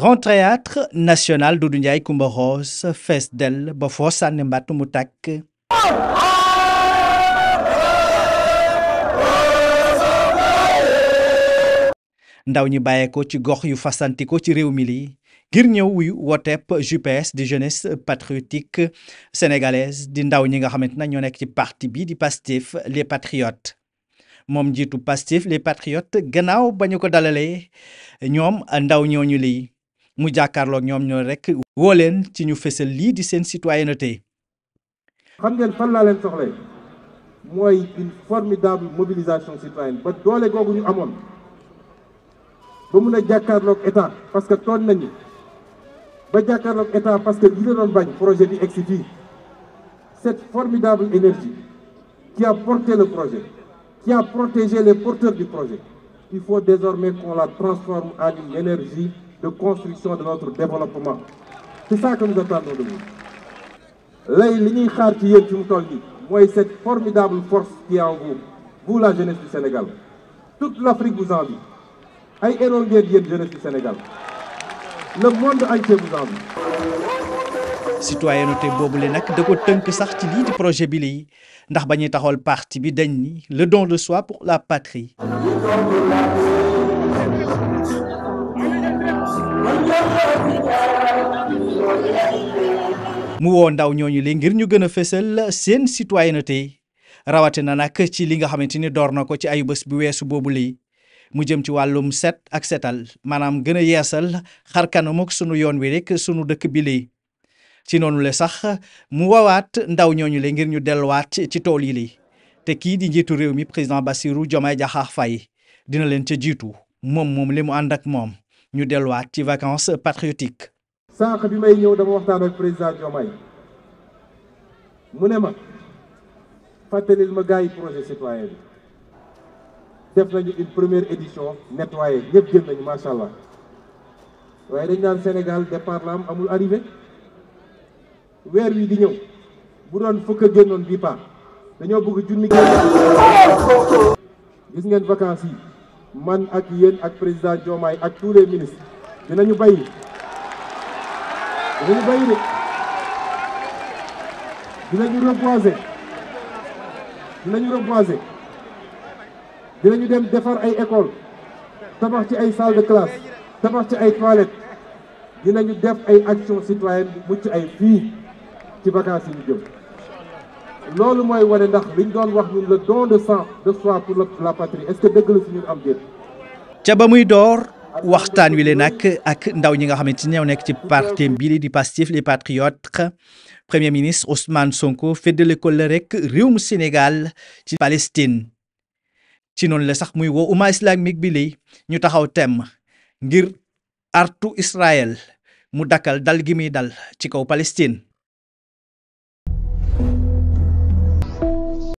Grand Théâtre National du njaay Coumba Rose fees dell ba foo sànni mbàtt mu tàkk ndaw ñi bàyyeekoo ci gox yu fasantikoo ci réew mi lii ngir ñëw wuyu wooteep JPS di jeunesse patriotique sénégalaise di ndaw ñi nga xamante ne ñoo nekk ci parti bi di Pastef les patriotes moom njiitu pastif les patriotes gannaaw ba ñu ko dalalee ñoom ndaw ñooñu lii mu jàkkaarloog ñoom ñoo rek woo leen ci ñu fësal lii di seen citoyenneté. xam ngeen fan laa leen soxlay mooy une formidable mobilisation citoyenne ba doole googu ñu amoon ba mun a jàkkaarloog état parce que toon nañu ba jàkkaarloog état parce que li la doon bañ projet bi egsi fii cette formidable énergie qui a porté le projet qui a protégé les porteurs du projet il faut désormais qu'on la transforme en une énergie de construction de notre développement c'est ça que nous attendons de vous Les lignes ñuy xaar ci yéen ci cette formidable force qui est en vous vous la jeunesse du Sénégal toute l'Afrique vous envie ay héros ngeen yéen jeunesse du Sénégal le monde entier vous envie citoyenneté boobu le nag da ko tënk sax ci lii di projet bi lii ndax ba ñuy taxawal parti bi dañ ni le don de soi pour la patrie mu wo ndaw ñoñu li ngir ñu gëna fessel seen citoyenneté na nak ci li nga xamanteni dor door ci ayu bëss bi bobu li mu jëm ci walum set ak setal manam gëna a yeesal xarkanam ak sunu yoon wi rek sunu dëkk bi li ci nonu le sax mu wawaat ndaw ñoñu le ngir ñu delluwaat ci tool yi li te ki di njiitu réew mi président Bassirou Diomaye Diakhar Faye dina leen ca jitu mom mom limu andak mom ñu ci vacances patriotiques sànq bi may ñëw dama waxtaan ak président Diomaye mu ne ma fàttalil ma gars yi projet citoyen bi def nañu une première édition nettoyé ñëpp jël nañu macha allah waaye dañ naan Sénégal départ la am amul arrivé weer wi di ñëw bu doon fukk a génnoon bii dañoo bëgg junni gis ngeen vacances yi man ak yéen ak président Diomaye ak tous les ministres dinañu bay dañu bàyyi de dinañu reboiser dinañu reboiser dinañu dem defar ay école tabax ci ay salle de classe tabax ci ay toilettes dinañu def ay action citoyenne bu mucc ay fii ci vacances yi ñu jëm loolu mooy wane ndax liñ doon wax ñun le don de sang de soi pour la patrie est que dëgg la si ñu am déet ca ba muy door waxtaan wi le nag ak ndaw ñi nga xamante ni ñoo nekk ci parti bii di Pastef les patriot premier ministre Ousmane Sonko feddale ko la rek réewum Sénégal ci Palestine ci noonu la sax muy woo umma islamique bi lay ñu taxaw temm ngir artu Israël mu dakkal dal gi muy dal ci kaw Palestine